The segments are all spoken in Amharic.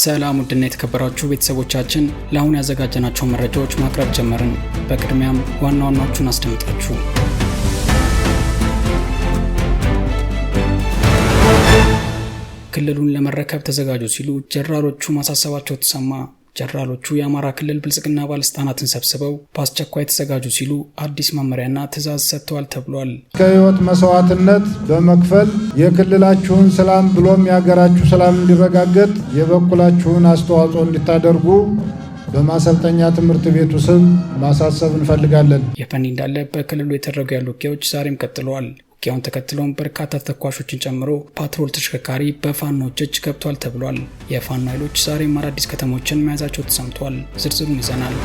ሰላም ውድና የተከበራችሁ ቤተሰቦቻችን ለአሁን ያዘጋጀናቸው መረጃዎች ማቅረብ ጀመርን። በቅድሚያም ዋና ዋናዎቹን አስደምጣችሁ ክልሉን ለመረከብ ተዘጋጁ ሲሉ ጀነራሎቹ ማሳሰባቸው ተሰማ። ጀነራሎቹ የአማራ ክልል ብልጽግና ባለስልጣናትን ሰብስበው በአስቸኳይ የተዘጋጁ ሲሉ አዲስ መመሪያና ትዕዛዝ ሰጥተዋል ተብሏል። ከህይወት መስዋዕትነት በመክፈል የክልላችሁን ሰላም ብሎም የሀገራችሁ ሰላም እንዲረጋገጥ የበኩላችሁን አስተዋጽኦ እንዲታደርጉ በማሰልጠኛ ትምህርት ቤቱ ስም ማሳሰብ እንፈልጋለን። የፈኒ እንዳለ በክልሉ የተደረጉ ያሉ ውጊያዎች ዛሬም ቀጥለዋል። ውጊያውን ተከትሎም በርካታ ተኳሾችን ጨምሮ ፓትሮል ተሽከርካሪ በፋኖች እጅ ገብቷል ተብሏል። የፋኖ ኃይሎች ዛሬም አዳዲስ ከተሞችን መያዛቸው ተሰምቷል። ዝርዝሩን ይዘናል።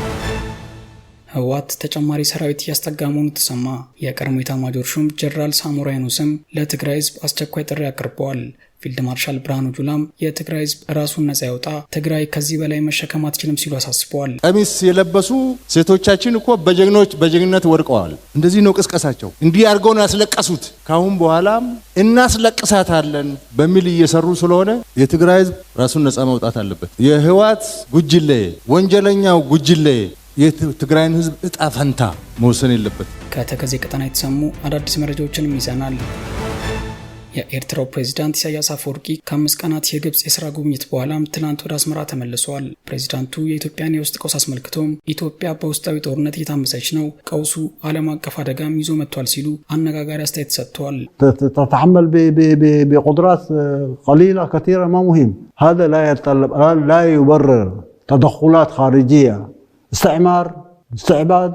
ህወሓት ተጨማሪ ሰራዊት እያስጠጋ መሆኑ ተሰማ። የቀድሞ ኢታማዦር ሹም ጀነራል ሳሞራ የኑስም ለትግራይ ህዝብ አስቸኳይ ጥሪ አቅርበዋል። ፊልድ ማርሻል ብርሃኑ ጁላም የትግራይ ህዝብ ራሱን ነጻ ያውጣ፣ ትግራይ ከዚህ በላይ መሸከም አትችልም ሲሉ አሳስበዋል። ቀሚስ የለበሱ ሴቶቻችን እኮ በጀግኖች በጀግንነት ወድቀዋል። እንደዚህ ነው ቅስቀሳቸው። እንዲህ አድርገው ነው ያስለቀሱት። ካሁን በኋላም እናስለቅሳታለን በሚል እየሰሩ ስለሆነ የትግራይ ህዝብ ራሱን ነጻ መውጣት አለበት። የህወሓት ጉጅሌ ወንጀለኛው ጉጅሌ የትግራይን ህዝብ እጣ ፈንታ መወሰን የለበት። ከተከዜ ቀጠና የተሰሙ አዳዲስ መረጃዎችንም ይዘናል። የኤርትራው ፕሬዚዳንት ኢሳያስ አፈወርቂ ከአምስት ቀናት የግብፅ የስራ ጉብኝት በኋላም ትናንት ወደ አስመራ ተመልሰዋል። ፕሬዚዳንቱ የኢትዮጵያን የውስጥ ቀውስ አስመልክቶም ኢትዮጵያ በውስጣዊ ጦርነት እየታመሰች ነው፣ ቀውሱ ዓለም አቀፍ አደጋም ይዞ መጥቷል ሲሉ አነጋጋሪ አስተያየት ሰጥተዋል። ተተሐመል ቁድራት ቀሊላ ከቲራ ማ ሙሂም ሀ ላ የተለብ ላ ዩበርር ተደኩላት ኻርጅያ እስተዕማር እስተዕባድ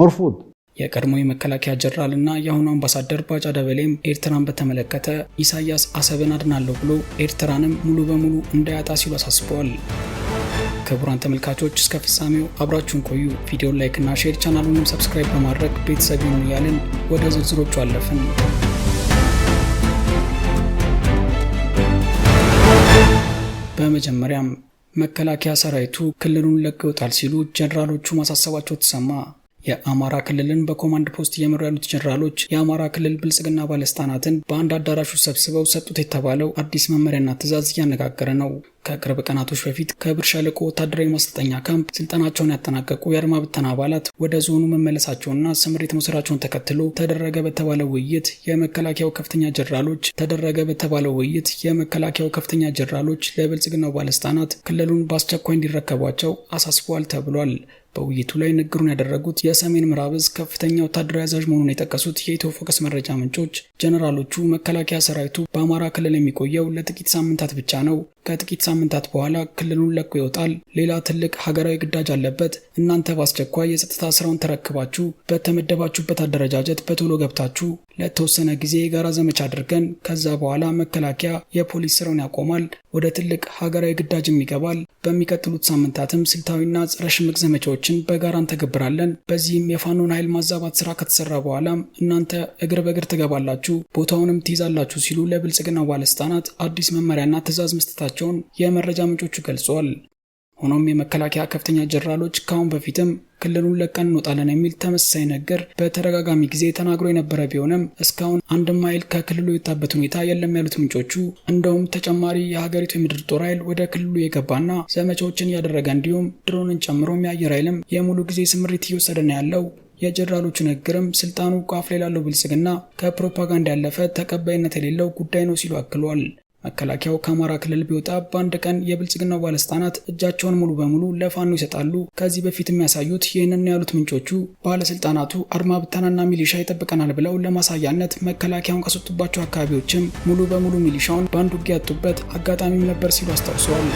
መርፉድ የቀድሞ የመከላከያ ጀነራል እና የአሁኑ አምባሳደር ባጫ ደበሌም ኤርትራን በተመለከተ ኢሳያስ አሰብን አድናለሁ ብሎ ኤርትራንም ሙሉ በሙሉ እንዳያጣ ሲሉ አሳስበዋል። ክቡራን ተመልካቾች እስከ ፍጻሜው አብራችሁን ቆዩ። ቪዲዮን ላይክና ሼር ቻናሉንም ሰብስክራይብ በማድረግ ቤተሰብ ይሁኑ እያልን ወደ ዝርዝሮቹ አለፍን። በመጀመሪያም መከላከያ ሰራዊቱ ክልሉን ለቀውጣል ሲሉ ጀነራሎቹ ማሳሰባቸው ተሰማ። የአማራ ክልልን በኮማንድ ፖስት እየመሩ ያሉት ጀኔራሎች የአማራ ክልል ብልጽግና ባለስልጣናትን በአንድ አዳራሹ ሰብስበው ሰጡት የተባለው አዲስ መመሪያና ትዕዛዝ እያነጋገረ ነው። ከቅርብ ቀናቶች በፊት ከብር ሸለቆ ወታደራዊ ማሰልጠኛ ካምፕ ስልጠናቸውን ያጠናቀቁ የአድማ ብተና አባላት ወደ ዞኑ መመለሳቸውና ስምሪት መውሰዳቸውን ተከትሎ ተደረገ በተባለው ውይይት የመከላከያው ከፍተኛ ጀራሎች ተደረገ በተባለው ውይይት የመከላከያው ከፍተኛ ጀነራሎች ለብልጽግናው ባለስልጣናት ክልሉን በአስቸኳይ እንዲረከቧቸው አሳስበዋል ተብሏል። በውይይቱ ላይ ንግግሩን ያደረጉት የሰሜን ምዕራብ እዝ ከፍተኛ ወታደራዊ አዛዥ መሆኑን የጠቀሱት የኢትዮ ፎከስ መረጃ ምንጮች ጀነራሎቹ መከላከያ ሰራዊቱ በአማራ ክልል የሚቆየው ለጥቂት ሳምንታት ብቻ ነው ከጥቂት ሳምንታት በኋላ ክልሉን ለቆ ይወጣል። ሌላ ትልቅ ሀገራዊ ግዳጅ አለበት። እናንተ በአስቸኳይ የጸጥታ ስራውን ተረክባችሁ በተመደባችሁበት አደረጃጀት በቶሎ ገብታችሁ ለተወሰነ ጊዜ የጋራ ዘመቻ አድርገን ከዛ በኋላ መከላከያ የፖሊስ ስራውን ያቆማል፣ ወደ ትልቅ ሀገራዊ ግዳጅም ይገባል። በሚቀጥሉት ሳምንታትም ስልታዊና ጸረ ሽምቅ ዘመቻዎችን በጋራ እንተገብራለን። በዚህም የፋኖን ኃይል ማዛባት ስራ ከተሰራ በኋላም እናንተ እግር በእግር ትገባላችሁ፣ ቦታውንም ትይዛላችሁ ሲሉ ለብልጽግና ባለስልጣናት አዲስ መመሪያና ትዕዛዝ መስጠታቸውን የመረጃ ምንጮቹ ገልጸዋል። ሆኖም የመከላከያ ከፍተኛ ጀነራሎች ከአሁን በፊትም ክልሉን ለቀን እንወጣለን የሚል ተመሳሳይ ነገር በተደጋጋሚ ጊዜ ተናግሮ የነበረ ቢሆንም እስካሁን አንድም ኃይል ከክልሉ የወጣበት ሁኔታ የለም ያሉት ምንጮቹ፣ እንደውም ተጨማሪ የሀገሪቱ የምድር ጦር ኃይል ወደ ክልሉ የገባና ዘመቻዎችን እያደረገ እንዲሁም ድሮንን ጨምሮም የአየር ኃይልም የሙሉ ጊዜ ስምሪት እየወሰደ ነው ያለው። የጀነራሎቹ ንግግርም ስልጣኑ ቋፍ ላይ ላለው ብልጽግና ከፕሮፓጋንዳ ያለፈ ተቀባይነት የሌለው ጉዳይ ነው ሲሉ አክሏል። መከላከያው ከአማራ ክልል ቢወጣ በአንድ ቀን የብልጽግናው ባለስልጣናት እጃቸውን ሙሉ በሙሉ ለፋኖ ይሰጣሉ። ከዚህ በፊት የሚያሳዩት ይህንን ያሉት ምንጮቹ ባለስልጣናቱ አድማ ብተናና ሚሊሻ ይጠብቀናል ብለው ለማሳያነት መከላከያውን ከሰጡባቸው አካባቢዎችም ሙሉ በሙሉ ሚሊሻውን በአንድ ውጊያ ያጡበት አጋጣሚም ነበር ሲሉ አስታውሰዋል።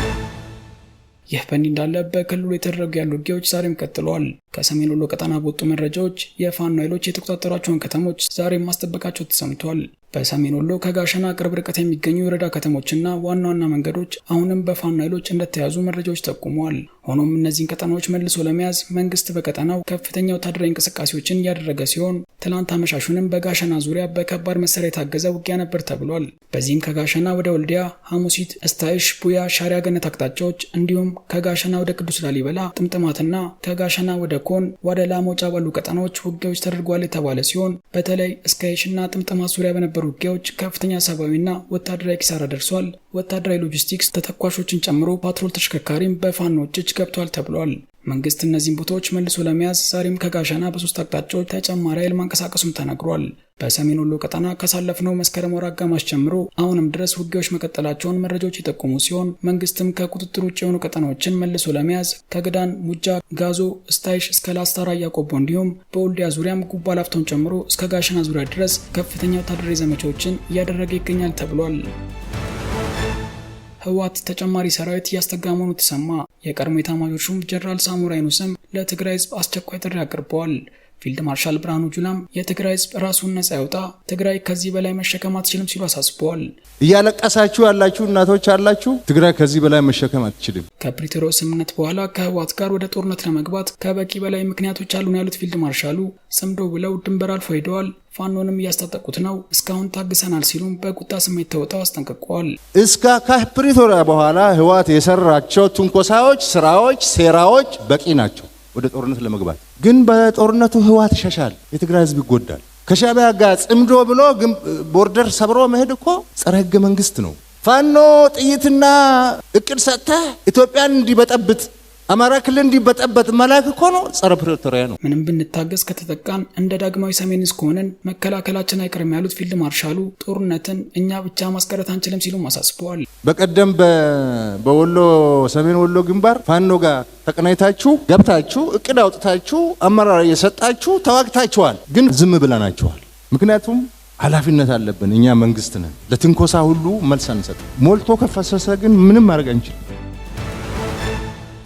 ይህ በእንዲህ እንዳለ በክልሉ የተደረጉ ያሉ ውጊያዎች ዛሬም ቀጥለዋል። ከሰሜን ወሎ ቀጠና በወጡ መረጃዎች የፋኖ ኃይሎች የተቆጣጠሯቸውን ከተሞች ዛሬም ማስጠበቃቸው ተሰምቷል። በሰሜን ወሎ ከጋሸና ቅርብ ርቀት የሚገኙ የወረዳ ከተሞችና ዋና ዋና መንገዶች አሁንም በፋኖ ኃይሎች እንደተያዙ መረጃዎች ጠቁመዋል። ሆኖም እነዚህን ቀጠናዎች መልሶ ለመያዝ መንግስት በቀጠናው ከፍተኛ ወታደራዊ እንቅስቃሴዎችን እያደረገ ሲሆን ትላንት አመሻሹንም በጋሸና ዙሪያ በከባድ መሳሪያ የታገዘ ውጊያ ነበር ተብሏል። በዚህም ከጋሸና ወደ ወልዲያ፣ ሐሙሲት፣ እስታይሽ፣ ቡያ፣ ሻሪያ ገነት አቅጣጫዎች እንዲሁም ከጋሸና ወደ ቅዱስ ላሊበላ ጥምጥማትና ከጋሸና ወደ ኮን ወደ ላሞጫ ባሉ ቀጠናዎች ውጊያዎች ተደርጓል የተባለ ሲሆን በተለይ እስካይሽና ጥምጥማት ዙሪያ በነበሩ በነበሩ ውጊያዎች ከፍተኛ ሰብአዊና ወታደራዊ ኪሳራ ደርሷል። ወታደራዊ ሎጂስቲክስ ተተኳሾችን ጨምሮ ፓትሮል ተሽከርካሪም በፋኖዎች እጅ ገብቷል ተብሏል። መንግስት እነዚህን ቦታዎች መልሶ ለመያዝ ዛሬም ከጋሸና በሶስት አቅጣጫዎች ተጨማሪ ኃይል ማንቀሳቀሱም ተነግሯል። በሰሜን ወሎ ቀጠና ካሳለፍነው መስከረም ወር አጋማሽ ጀምሮ አሁንም ድረስ ውጊያዎች መቀጠላቸውን መረጃዎች የጠቆሙ ሲሆን መንግስትም ከቁጥጥር ውጭ የሆኑ ቀጠናዎችን መልሶ ለመያዝ ከግዳን፣ ሙጃ፣ ጋዞ፣ ስታይሽ እስከ ላስታራ እያቆቦ እንዲሁም በወልዲያ ዙሪያም ጉባ ላፍቶን ጨምሮ እስከ ጋሸና ዙሪያ ድረስ ከፍተኛ ወታደራዊ ዘመቻዎችን እያደረገ ይገኛል ተብሏል። ህወሓት ተጨማሪ ሰራዊት እያስጠጋ መሆኑ ተሰማ። የቀድሞ የታማዦር ሹም ጀነራል ሳሞራ ዩኑስም ለትግራይ ህዝብ አስቸኳይ ጥሪ አቅርበዋል። ፊልድ ማርሻል ብርሃኑ ጁላም የትግራይ ህዝብ ራሱን ነጻ ያውጣ፣ ትግራይ ከዚህ በላይ መሸከም አትችልም ሲሉ አሳስበዋል። እያለቀሳችሁ ያላችሁ እናቶች አላችሁ፣ ትግራይ ከዚህ በላይ መሸከም አትችልም። ከፕሪቶሪያ ስምምነት በኋላ ከህወሓት ጋር ወደ ጦርነት ለመግባት ከበቂ በላይ ምክንያቶች አሉን ያሉት ፊልድ ማርሻሉ ሰምዶ ብለው ድንበር አልፎ ሄደዋል። ፋኖንም እያስታጠቁት ነው። እስካሁን ታግሰናል ሲሉም በቁጣ ስሜት ተውጠው አስጠንቅቀዋል። እስከ ከፕሪቶሪያ በኋላ ህወሓት የሰራቸው ትንኮሳዎች፣ ስራዎች፣ ሴራዎች በቂ ናቸው። ወደ ጦርነት ለመግባት ግን በጦርነቱ ህወሓት ይሸሻል፣ የትግራይ ህዝብ ይጎዳል። ከሻቢያ ጋር ጽምዶ ብሎ ቦርደር ሰብሮ መሄድ እኮ ጸረ ህገ መንግስት ነው። ፋኖ ጥይትና እቅድ ሰጥተህ ኢትዮጵያን እንዲበጠብጥ አማራ ክልል እንዲበጠበጥ መላክ እኮ ነው። ጸረ ፕሪቶሪያ ነው። ምንም ብንታገዝ ከተጠቃን እንደ ዳግማዊ ሰሜን እስከሆነን መከላከላችን አይቀርም ያሉት ፊልድ ማርሻሉ ጦርነትን እኛ ብቻ ማስቀረት አንችልም ሲሉም አሳስበዋል። በቀደም በወሎ ሰሜን ወሎ ግንባር ፋኖ ጋር ተቀናይታችሁ ገብታችሁ እቅድ አውጥታችሁ አመራር እየሰጣችሁ ተዋግታችኋል፣ ግን ዝም ብለናችኋል። ምክንያቱም ኃላፊነት አለብን። እኛ መንግስት ነን። ለትንኮሳ ሁሉ መልስ አንሰጥ። ሞልቶ ከፈሰሰ ግን ምንም ማድረግ አንችልም።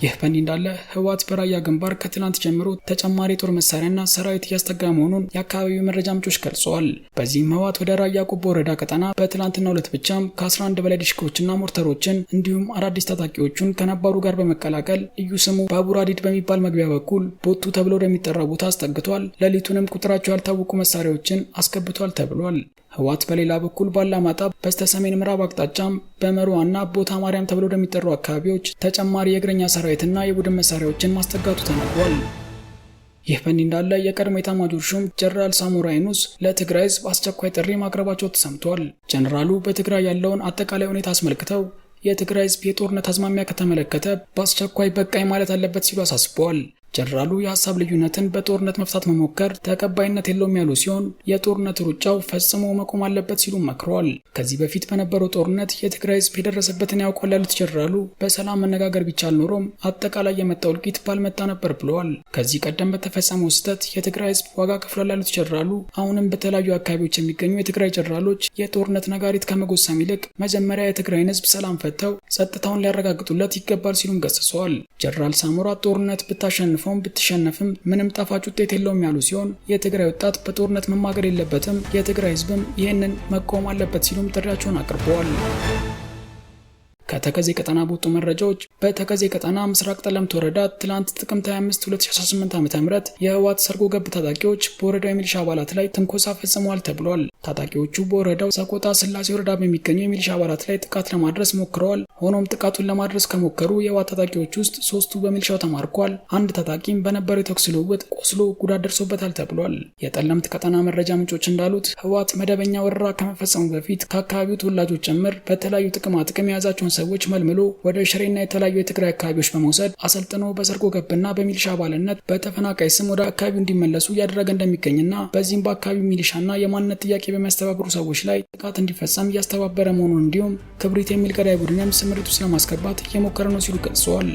ይህ በእንዲህ እንዳለ ህወሓት በራያ ግንባር ከትናንት ጀምሮ ተጨማሪ የጦር መሳሪያና ሰራዊት እያስጠጋ መሆኑን የአካባቢው መረጃ ምንጮች ገልጸዋል። በዚህም ህወሓት ወደ ራያ ቆቦ ወረዳ ቀጠና በትናንትና ሁለት ብቻም ከ11 በላይ ዲሽኮዎችና ሞርተሮችን እንዲሁም አዳዲስ ታጣቂዎቹን ከነባሩ ጋር በመቀላቀል ልዩ ስሙ ባቡር ሀዲድ በሚባል መግቢያ በኩል ቦቱ ተብሎ ወደሚጠራው ቦታ አስጠግቷል። ሌሊቱንም ቁጥራቸው ያልታወቁ መሳሪያዎችን አስገብቷል ተብሏል። ህወሓት በሌላ በኩል ባላማጣ በስተሰሜን ምዕራብ አቅጣጫም በመሮዋና ቦታ ማርያም ተብሎ ወደሚጠሩ አካባቢዎች ተጨማሪ የእግረኛ ሰራዊትና የቡድን መሳሪያዎችን ማስጠጋቱ ተነግሯል። ይህ በእንዲህ እንዳለ የቀድሞ ኤታማዦር ሹም ጀነራል ሳሞራ የኑስ ለትግራይ ህዝብ አስቸኳይ ጥሪ ማቅረባቸው ተሰምቷል። ጀነራሉ በትግራይ ያለውን አጠቃላይ ሁኔታ አስመልክተው የትግራይ ህዝብ የጦርነት አዝማሚያ ከተመለከተ በአስቸኳይ በቃኝ ማለት አለበት ሲሉ አሳስበዋል። ጀነራሉ የሀሳብ ልዩነትን በጦርነት መፍታት መሞከር ተቀባይነት የለውም ያሉ ሲሆን የጦርነት ሩጫው ፈጽሞ መቆም አለበት ሲሉ መክረዋል። ከዚህ በፊት በነበረው ጦርነት የትግራይ ህዝብ የደረሰበትን ያውቋል ያሉት ጀነራሉ በሰላም መነጋገር ቢቻል ኖሮም አጠቃላይ የመጣው እልቂት ባልመጣ ነበር ብለዋል። ከዚህ ቀደም በተፈጸመው ስህተት የትግራይ ህዝብ ዋጋ ከፍሏል ያሉት ጀነራሉ አሁንም በተለያዩ አካባቢዎች የሚገኙ የትግራይ ጀነራሎች የጦርነት ነጋሪት ከመጎሰም ይልቅ መጀመሪያ የትግራይን ህዝብ ሰላም ፈተው ጸጥታውን ሊያረጋግጡለት ይገባል ሲሉም ገስጸዋል። ጀነራል ሳሞራ ጦርነት ብታሸንፍ ተሸንፈውም ብትሸነፍም ምንም ጣፋጭ ውጤት የለውም ያሉ ሲሆን የትግራይ ወጣት በጦርነት መማገር የለበትም፣ የትግራይ ህዝብም ይህንን መቆም አለበት ሲሉም ጥሪያቸውን አቅርበዋል። ከተከዜ ቀጠና በወጡ መረጃዎች በተከዜ ቀጠና ምስራቅ ጠለምት ወረዳ ትላንት ጥቅምት 25 2018 ዓ ም የህወሓት ሰርጎ ገብ ታጣቂዎች በወረዳው የሚሊሻ አባላት ላይ ትንኮሳ ፈጽመዋል ተብሏል። ታጣቂዎቹ በወረዳው ሰቆጣ ስላሴ ወረዳ በሚገኙ የሚሊሻ አባላት ላይ ጥቃት ለማድረስ ሞክረዋል። ሆኖም ጥቃቱን ለማድረስ ከሞከሩ የህወሓት ታጣቂዎች ውስጥ ሶስቱ በሚሊሻው ተማርኳል። አንድ ታጣቂም በነበረው የተኩስ ልውውጥ ቆስሎ ጉዳት ደርሶበታል ተብሏል። የጠለምት ቀጠና መረጃ ምንጮች እንዳሉት ህወሓት መደበኛ ወረራ ከመፈጸሙ በፊት ከአካባቢው ተወላጆች ጭምር በተለያዩ ጥቅማ ጥቅም የያዛቸውን ሰዎች መልምሎ ወደ ሽሬና የተለያዩ የትግራይ አካባቢዎች በመውሰድ አሰልጥኖ በሰርጎ ገብና በሚሊሻ አባልነት በተፈናቃይ ስም ወደ አካባቢው እንዲመለሱ እያደረገ እንደሚገኝና በዚህም በአካባቢው ሚሊሻና የማንነት ጥያቄ በሚያስተባብሩ ሰዎች ላይ ጥቃት እንዲፈጸም እያስተባበረ መሆኑን እንዲሁም ክብሪት የሚል ገዳይ ቡድንም ስምሪት ውስጥ ለማስገባት እየሞከረ ነው ሲሉ ገልጸዋል።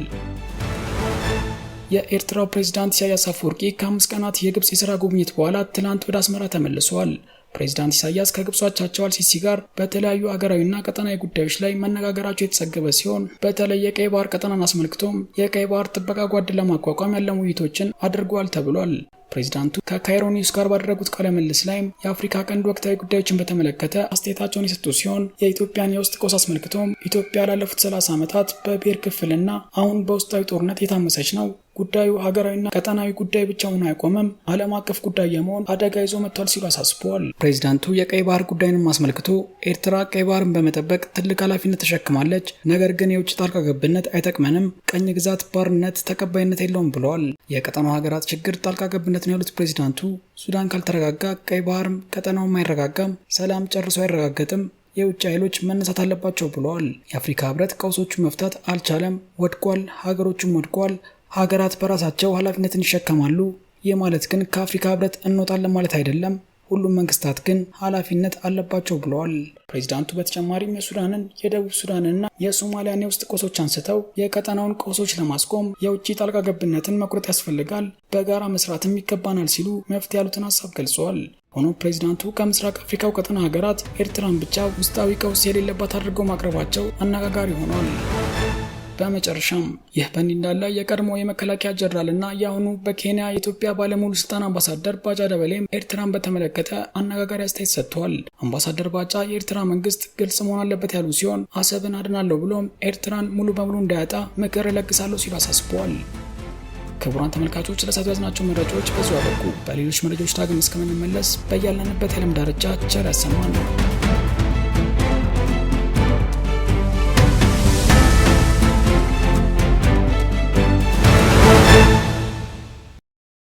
የኤርትራው ፕሬዚዳንት ኢሳያስ አፈወርቂ ከአምስት ቀናት የግብፅ የሥራ ጉብኝት በኋላ ትናንት ወደ አስመራ ተመልሰዋል። ፕሬዚዳንት ኢሳያስ ከግብጾቻቸው አቻቸው አልሲሲ ጋር በተለያዩ አገራዊና ቀጠናዊ ጉዳዮች ላይ መነጋገራቸው የተዘገበ ሲሆን በተለይ የቀይ ባህር ቀጠናን አስመልክቶም የቀይ ባህር ጥበቃ ጓድ ለማቋቋም ያለሙ ውይይቶችን አድርገዋል ተብሏል። ፕሬዚዳንቱ ከካይሮ ኒውስ ጋር ባደረጉት ቃለ ምልልስ ላይም የአፍሪካ ቀንድ ወቅታዊ ጉዳዮችን በተመለከተ አስተያየታቸውን የሰጡ ሲሆን የኢትዮጵያን የውስጥ ቀውስ አስመልክቶም ኢትዮጵያ ላለፉት 30 ዓመታት በብሔር ክፍልና አሁን በውስጣዊ ጦርነት የታመሰች ነው ጉዳዩ ሀገራዊና ቀጠናዊ ጉዳይ ብቻውን አይቆምም፣ ዓለም አቀፍ ጉዳይ የመሆን አደጋ ይዞ መጥቷል ሲሉ አሳስበዋል። ፕሬዚዳንቱ የቀይ ባህር ጉዳይንም አስመልክቶ ኤርትራ ቀይ ባህርን በመጠበቅ ትልቅ ኃላፊነት ተሸክማለች፣ ነገር ግን የውጭ ጣልቃ ገብነት አይጠቅመንም፣ ቀኝ ግዛት ባርነት ተቀባይነት የለውም ብለዋል። የቀጠናው ሀገራት ችግር ጣልቃ ገብነት ነው ያሉት ፕሬዚዳንቱ ሱዳን ካልተረጋጋ ቀይ ባህርም ቀጠናውም አይረጋጋም፣ ሰላም ጨርሶ አይረጋገጥም፣ የውጭ ኃይሎች መነሳት አለባቸው ብለዋል። የአፍሪካ ህብረት ቀውሶቹ መፍታት አልቻለም፣ ወድቋል፣ ሀገሮቹም ወድቋል፣ ሀገራት በራሳቸው ኃላፊነትን ይሸከማሉ። ይህ ማለት ግን ከአፍሪካ ህብረት እንወጣለን ማለት አይደለም። ሁሉም መንግስታት ግን ኃላፊነት አለባቸው ብለዋል። ፕሬዚዳንቱ በተጨማሪም የሱዳንን የደቡብ ሱዳንና የሶማሊያን የውስጥ ቀውሶች አንስተው የቀጠናውን ቀውሶች ለማስቆም የውጭ ጣልቃ ገብነትን መቁረጥ ያስፈልጋል፣ በጋራ መስራትም ይገባናል ሲሉ መፍትሄ ያሉትን ሀሳብ ገልጸዋል። ሆኖም ፕሬዚዳንቱ ከምስራቅ አፍሪካው ቀጠና ሀገራት ኤርትራን ብቻ ውስጣዊ ቀውስ የሌለባት አድርገው ማቅረባቸው አነጋጋሪ ሆኗል። በመጨረሻም ይህ በእንዲህ እንዳለ የቀድሞ የመከላከያ ጀነራል እና የአሁኑ በኬንያ የኢትዮጵያ ባለሙሉ ስልጣን አምባሳደር ባጫ ደበሌ ኤርትራን በተመለከተ አነጋጋሪ አስተያየት ሰጥተዋል። አምባሳደር ባጫ የኤርትራ መንግስት ግልጽ መሆን አለበት ያሉ ሲሆን አሰብን አድናለሁ ብሎም ኤርትራን ሙሉ በሙሉ እንዳያጣ ምክር እለግሳለሁ ሲሉ አሳስበዋል። ክቡራን ተመልካቾች ለሰዓቱ ያዝናቸው መረጃዎች በዚሁ አበቁ። በሌሎች መረጃዎች ዳግም እስከምንመለስ በያለንበት የዓለም ዳርቻ ቸር ያሰማን።